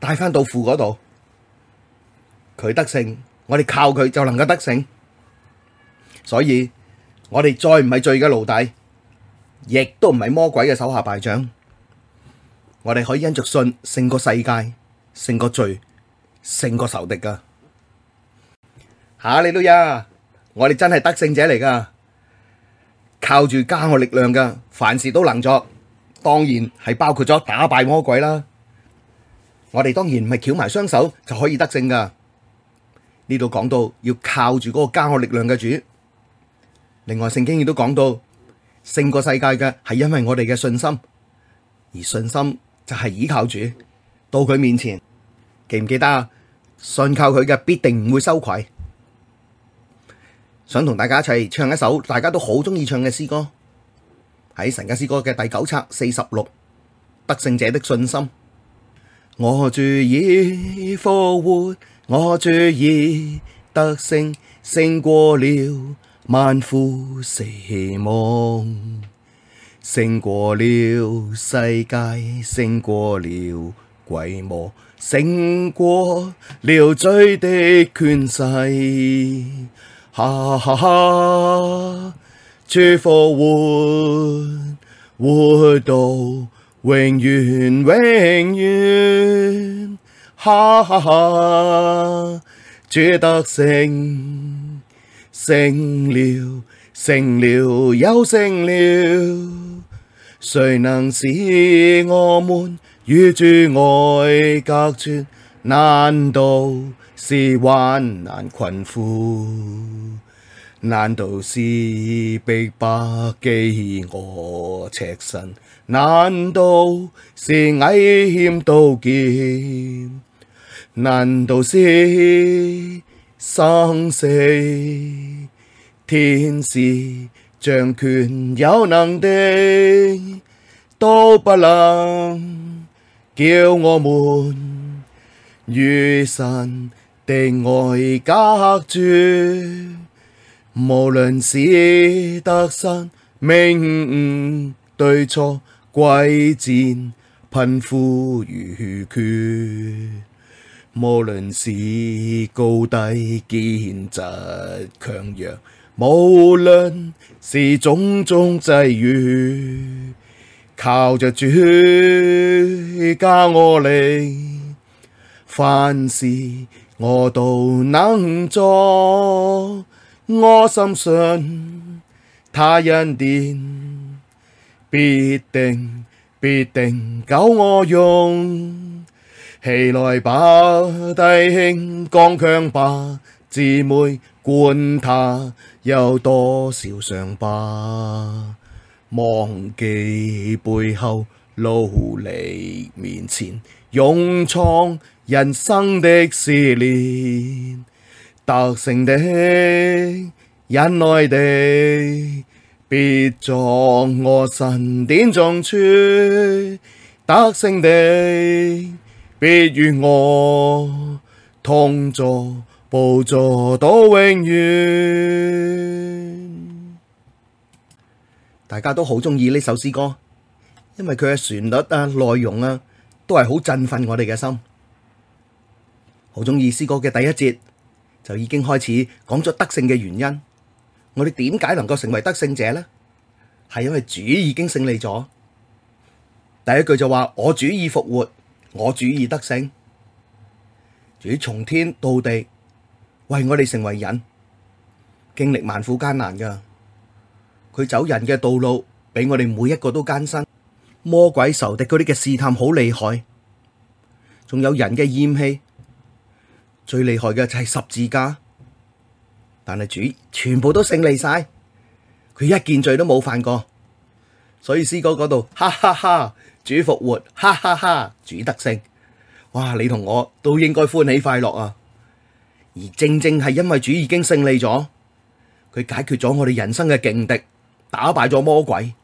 帶翻到父嗰度，佢得勝，我哋靠佢就能夠得勝。所以，我哋再唔係罪嘅奴隸，亦都唔係魔鬼嘅手下敗將。我哋可以因着信勝過世界，勝過罪，勝過仇敵噶。哈利路亞，我哋真係得勝者嚟噶，靠住加我力量噶，凡事都能作，當然係包括咗打敗魔鬼啦。我哋當然唔係翹埋雙手就可以得勝㗎，呢度講到要靠住嗰個加我力量嘅主。另外，聖經亦都講到勝過世界嘅係因為我哋嘅信心，而信心就係倚靠主到佢面前。記唔記得啊？信靠佢嘅必定唔會羞愧。想同大家一齊唱一首大家都好中意唱嘅詩歌，喺神家詩歌嘅第九冊四十六，得勝者的信心。我主已復活，我主已得勝，勝過了萬苦死亡，勝過了世界，勝過了鬼魔，勝過了罪的權勢，哈哈哈！主復活，活到，永遠永遠，哈哈哈！主得勝，勝了，勝了，又勝了。誰能使我們與主愛隔絕？難道是患難困苦？難道是逼迫、饑餓、赤身？難道是危險、刀劍？難道是生死、天使、掌權、有能的，都不能叫我們與神的愛隔絕。無論是得失、明誤、嗯嗯、對錯、貴賤、貧富、餘缺，無論是高低、健疾、強弱，無論是種種際遇，靠着主加我力，凡事我都能做。我深信他恩典必定必定夠我用，起來吧弟兄，剛強吧姊妹，管他有多少傷疤，忘記背後，努力面前，勇闖人生的試煉。得勝的，忍耐的，必作我神殿中柱；得勝的，必與我同坐寶座到永遠。大家都好鍾意呢首詩歌，因為佢嘅旋律啊，內容啊，都係好振奮我哋嘅心。好鍾意詩歌嘅第一節，就已經開始講咗得勝嘅原因。我哋點解能夠成為得勝者呢？係因為主已經勝利咗。第一句就話：我主已復活，我主已得勝。主從天到地為我哋成為人，經歷萬苦艱難噶。佢走人嘅道路俾我哋每一個都艱辛。魔鬼仇敵嗰啲嘅試探好厲害，仲有人嘅厭棄。最厲害嘅就係十字架，但係主全部都勝利晒，佢一件罪都冇犯過，所以詩歌嗰度哈哈哈，主復活哈，哈哈哈，主得勝，哇！你同我都應該歡喜快樂啊！而正正係因為主已經勝利咗，佢解決咗我哋人生嘅勁敵，打敗咗魔鬼，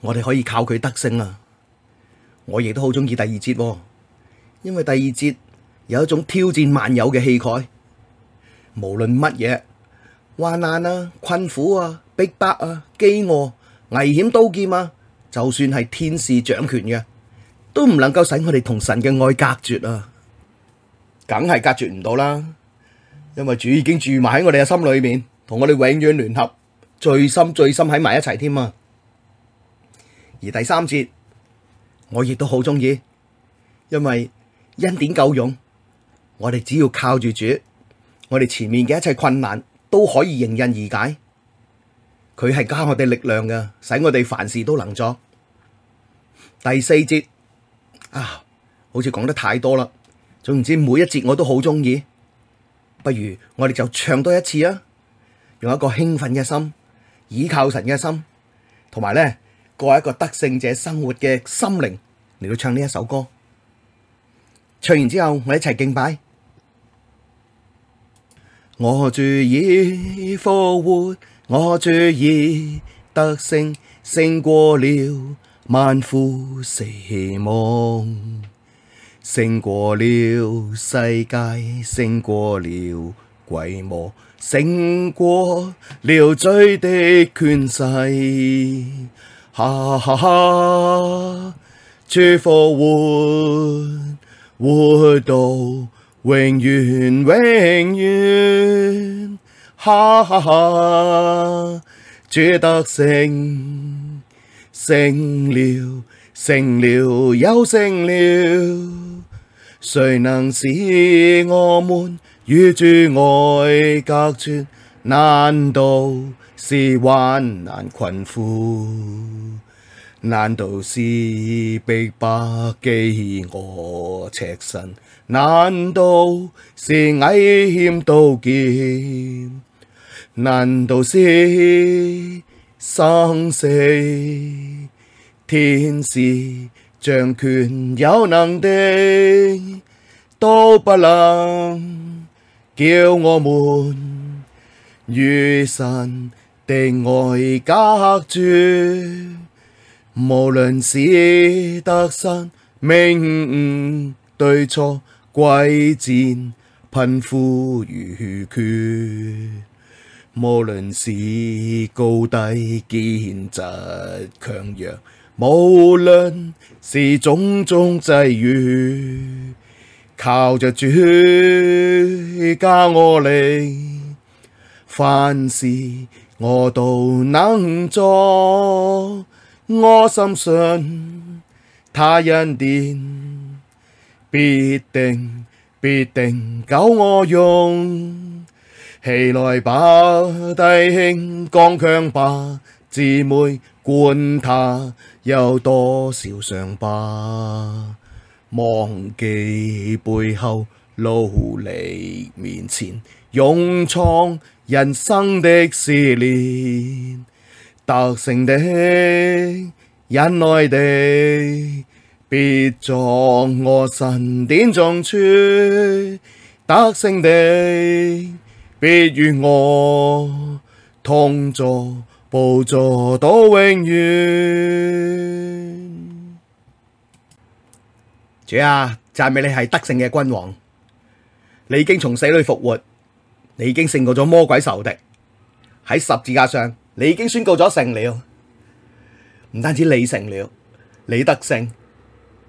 我哋可以靠佢得勝啊。我亦都好中意第二節啊，因為第二節。有一種挑戰萬有嘅氣概，無論乜嘢患難啊、困苦啊、逼迫啊、飢餓、危險、刀劍啊，就算係天使掌權嘅，都唔能夠使我哋同神嘅愛隔絕啊！梗係隔絕唔到啦，因為主已經住埋喺我哋嘅心裏面，同我哋永遠聯合，最深最深喺埋一齊添啊！而第三節我亦都好鍾意，因為恩典夠用。我哋只要靠住主，我哋前面嘅一切困難都可以迎刃而解。佢係加我哋力量嘅，使我哋凡事都能作。第四節啊，好似講得太多啦。總言之，每一節我都好中意。不如我哋就唱多一次啊！用一個興奮嘅心，倚靠神嘅心，同埋咧過一個得勝者生活嘅心靈嚟到唱呢一首歌。唱完之後，我哋一齊敬拜。我主已復活，我主已得勝，勝過了萬苦死亡，勝過了世界，勝過了鬼魔，勝過了罪的權勢，哈哈哈！主復活！活到。永遠永遠，哈哈哈！主得勝，勝了，勝了，又勝了。誰能使我們與主愛隔絕？難道是患難困苦？難道是逼迫、饑餓、赤身？難道是危險刀劍？難道是生死天使？掌權有能的，都不能叫我們與神的愛隔絕。無論是得失、明誤、對錯。貴賤貧富餘缺，無論是高低健疾強弱，無論是種種際遇，靠着主加我力，凡事我都能做，我深信他恩典。必定必定夠我用，起來吧弟兄，剛強吧姊妹，管它有多少傷疤，忘記背後，努力面前，勇闖人生的試煉，得勝的，忍耐的。必作我神殿中柱，得勝的，必與我同坐，寶座，幫助到永遠。主啊，讚美你係得勝嘅君王，你已經從死裏復活，你已經勝過咗魔鬼仇敵。喺十字架上，你已經宣告咗勝了。唔單止你勝了，你得勝。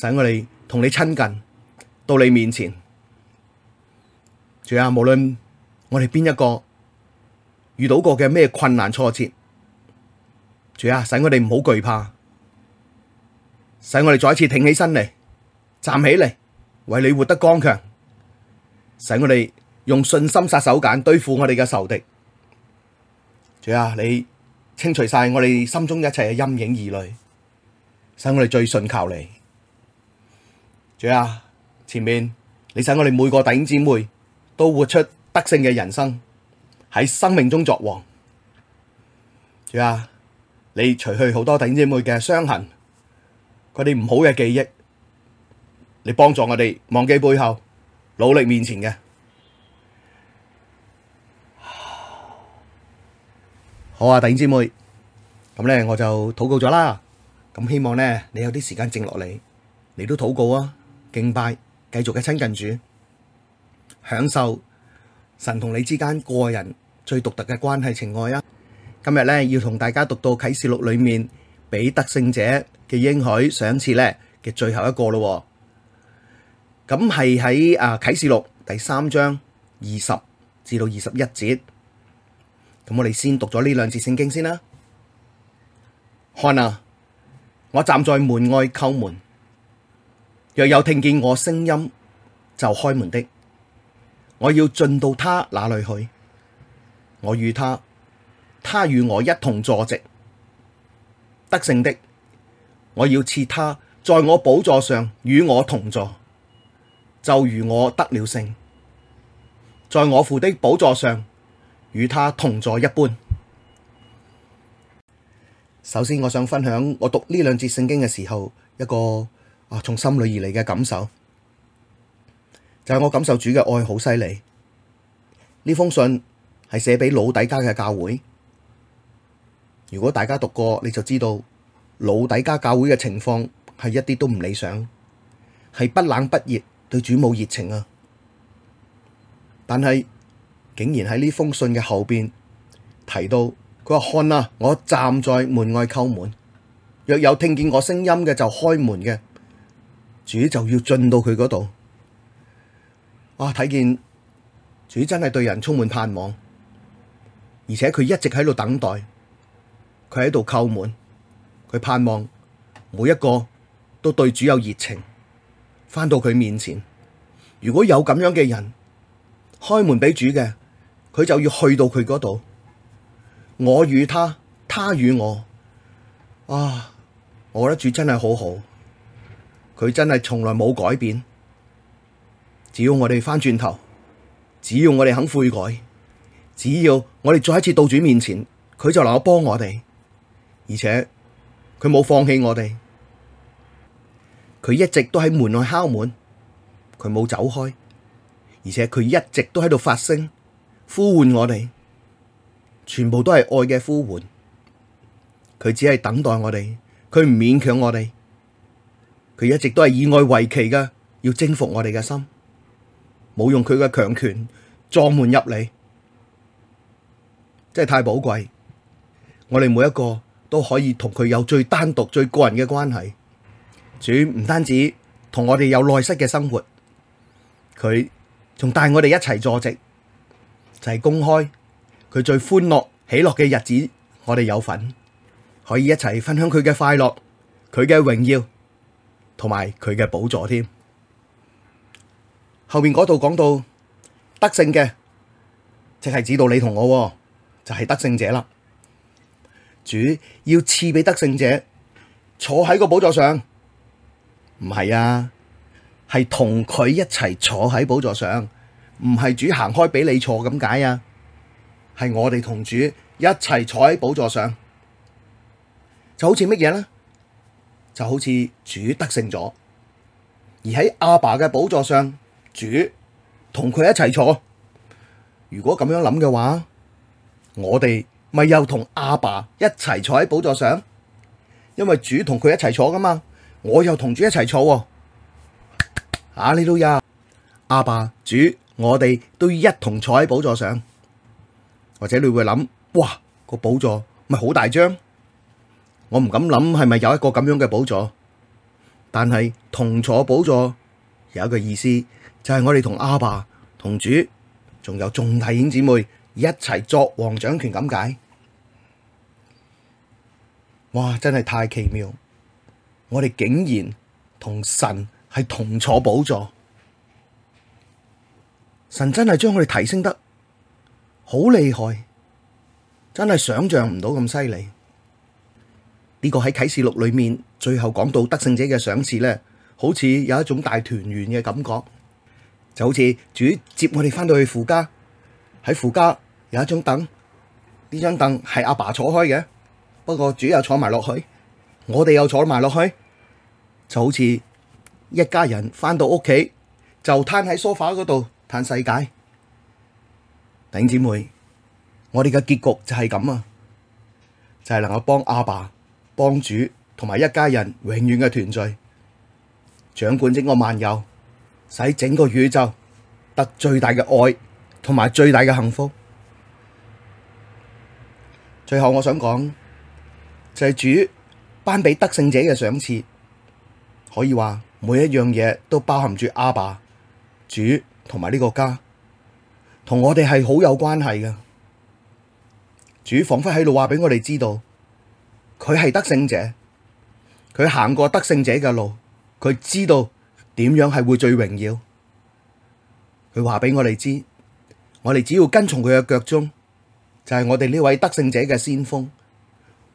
使我哋同你親近到你面前，主啊，無論我哋邊一個遇到過嘅咩困難挫折，主啊，使我哋唔好懼怕，使我哋再一次挺起身嚟，站起嚟，為你活得剛強，使我哋用信心殺手鐧對付我哋嘅仇敵，主啊，你清除晒我哋心中一切嘅陰影疑慮，使我哋最信靠你。主啊，前面你使我哋每個弟兄姊妹都活出得勝嘅人生，喺生命中作王。主啊，你除去好多弟兄姊妹嘅傷痕，佢哋唔好嘅記憶，你幫助我哋忘記背後，努力面前嘅。好啊，弟兄姊妹，咁咧我就禱告咗啦。咁希望咧你有啲時間靜落嚟，你都禱告啊。敬拜，繼續嘅親近主，享受神同你之間個人最獨特嘅關係情愛啊！今日呢要同大家讀到啟示錄裏面俾得勝者嘅應許。上次呢嘅最後一個咯，咁係喺啊啟示錄第三章二十至到二十一節，咁我哋先讀咗呢兩節聖經先啦。看啊，我站在門外叩門。若有聽見我聲音就開門的，我要進到他那裡去。我與他，他與我一同坐席。得勝的，我要賜他在我寶座上與我同坐，就如我得了勝，在我父的寶座上與他同坐一般。首先，我想分享我讀呢兩節聖經嘅時候一個。啊！從心裏而嚟嘅感受，就係我感受主嘅愛好犀利。呢封信係寫俾老底嘉嘅教會。如果大家讀過，你就知道老底嘉教會嘅情況係一啲都唔理想，係不冷不熱，對主冇熱情啊！但係竟然喺呢封信嘅後邊提到，佢話：看啊，我站在門外叩門，若有聽見我聲音嘅就開門嘅。主就要進到佢嗰度。啊，睇見主真係對人，充滿盼望，而且佢一直喺度等待，佢喺度叩門，佢盼望每一個都對主有熱情，翻到佢面前。如果有咁樣嘅人開門俾主嘅，佢就要去到佢嗰度。我與他，他與我，啊！我覺得主真係好好。佢真係從來冇改變，只要我哋返轉頭，只要我哋肯悔改，只要我哋再一次到主面前，佢就能夠幫我哋，而且佢冇放棄我哋，佢一直都喺門外敲門，佢冇走開，而且佢一直都喺度發聲呼喚我哋，全部都係愛嘅呼喚，佢只係等待我哋，佢唔勉強我哋。佢一直都係以愛為旗嘅，要征服我哋嘅心，冇用佢嘅強權撞門入嚟，真係太寶貴。我哋每一個都可以同佢有最單獨、最個人嘅關係。主唔單止同我哋有內室嘅生活，佢仲帶我哋一齊坐席，就係公開佢最歡樂、喜樂嘅日子，我哋有份可以一齊分享佢嘅快樂、佢嘅榮耀。同埋佢嘅寶座添，後面嗰度講到得勝嘅，即係指到你同我，就係得勝者啦。主要賜俾得勝者坐喺個寶座上，唔係啊，係同佢一齊坐喺寶座上，唔係主行開俾你坐咁解啊，係我哋同主一齊坐喺寶座上，就好似乜嘢呢？就好似主得勝咗，而喺阿爸嘅寶座上，主同佢一齊坐。如果咁樣諗嘅話，我哋咪又同阿爸一齊坐喺寶座上，因為主同佢一齊坐㗎嘛，我又同主一齊坐。啊，你都呀，阿爸、主，我哋都一同坐喺寶座上。或者你會諗，哇，個寶座咪好大張？我唔敢諗係咪有一個咁樣嘅寶座？但係同坐寶座有一個意思，就係我哋同阿爸、同主，仲有眾弟兄姊妹一齊作王掌權咁解。哇！真係太奇妙，我哋竟然同神係同坐寶座，神真係將我哋提升得好厲害，真係想象唔到咁犀利。呢個喺啟示錄裏面最後講到得勝者嘅賞賜呢，好似有一種大團圓嘅感覺，就好似主接我哋翻到去父家，喺父家有一張凳，呢張凳係阿爸坐開嘅，不過主又坐埋落去，我哋又坐埋落去，就好似一家人翻到屋企就攤喺梳化嗰度嘆世界，頂姊妹，我哋嘅結局就係咁啊，就係能夠幫阿爸。幫主同埋一家人永遠嘅團聚，掌管整個萬有，使整個宇宙得最大嘅愛同埋最大嘅幸福。最後我想講，就係主頒俾得勝者嘅賞賜，可以話每一樣嘢都包含住阿爸、主同埋呢個家，同我哋係好有關係嘅。主仿佛喺度話俾我哋知道。佢係得勝者，佢行過得勝者嘅路，佢知道點樣係會最榮耀。佢話俾我哋知，我哋只要跟從佢嘅腳蹤，就係我哋呢位得勝者嘅先鋒，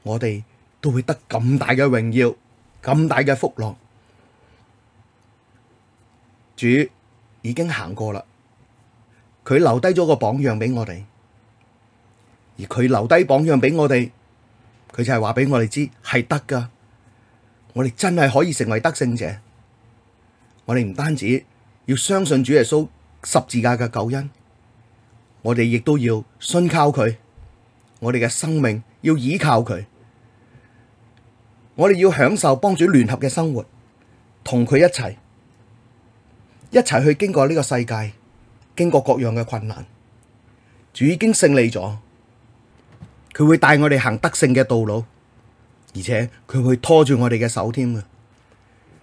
我哋都會得咁大嘅榮耀，咁大嘅福樂。主已經行過啦，佢留低咗個榜樣俾我哋，而佢留低榜樣俾我哋。佢就係話俾我哋知係得噶，我哋真係可以成為得勝者。我哋唔單止要相信主耶穌十字架嘅救恩，我哋亦都要信靠佢，我哋嘅生命要依靠佢，我哋要享受幫主聯合嘅生活，同佢一齊，一齊去經過呢個世界，經過各樣嘅困難，主已經勝利咗。佢會帶我哋行得勝嘅道路，而且佢會拖住我哋嘅手添啊！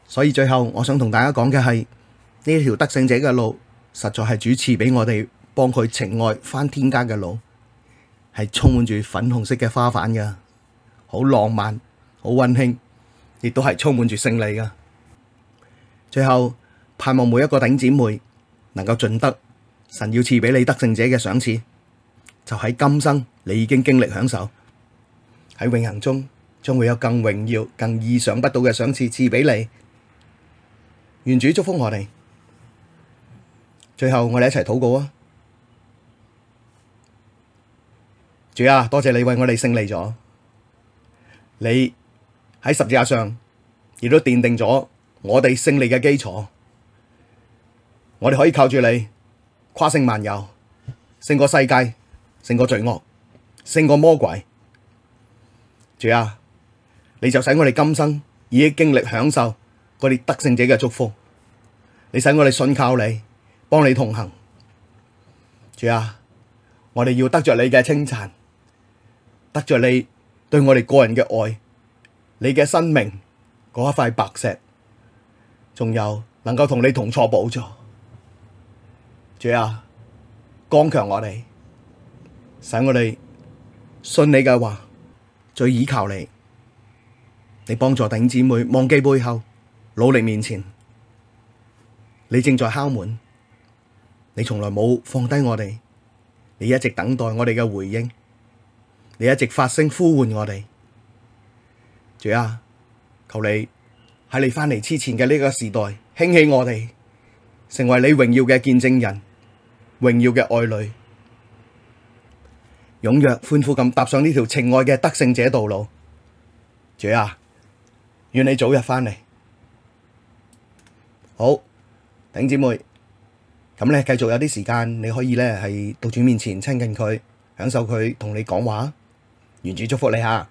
所以最後我想同大家講嘅係呢條得勝者嘅路，實在係主賜俾我哋幫佢情愛返天家嘅路，係充滿住粉紅色嘅花瓣噶，好浪漫，好溫馨，亦都係充滿住勝利噶。最後盼望每一個頂姊妹能夠盡得神要賜俾你得勝者嘅賞賜。就喺今生，你已經經歷享受；喺永恆中，將會有更榮耀、更意想不到嘅賞賜賜俾你。願主祝福我哋。最後，我哋一齊禱告啊！主啊，多謝你為我哋勝利咗，你喺十字架上亦都奠定咗我哋勝利嘅基礎。我哋可以靠住你跨勝萬有，勝過世界。勝過罪惡，勝過魔鬼。主啊，你就使我哋今生已經經歷享受嗰啲得勝者嘅祝福。你使我哋信靠你，幫你同行。主啊，我哋要得着你嘅稱讚，得着你對我哋個人嘅愛，你嘅生命嗰一塊白石，仲有能夠同你同坐寶座。主啊，剛強我哋。使我哋信你嘅話，最倚靠你，你幫助弟兄姊妹忘記背後，努力面前。你正在敲門，你從來冇放低我哋，你一直等待我哋嘅回應，你一直發聲呼喚我哋。主啊，求你喺你翻嚟之前嘅呢個時代興起我哋，成為你榮耀嘅見證人，榮耀嘅愛女。踴躍歡呼咁踏上呢條情愛嘅得勝者道路，主啊，願你早日翻嚟。好，弟兄姊妹，咁咧繼續有啲時間，你可以咧喺到主面前親近佢，享受佢同你講話。願主祝福你吓。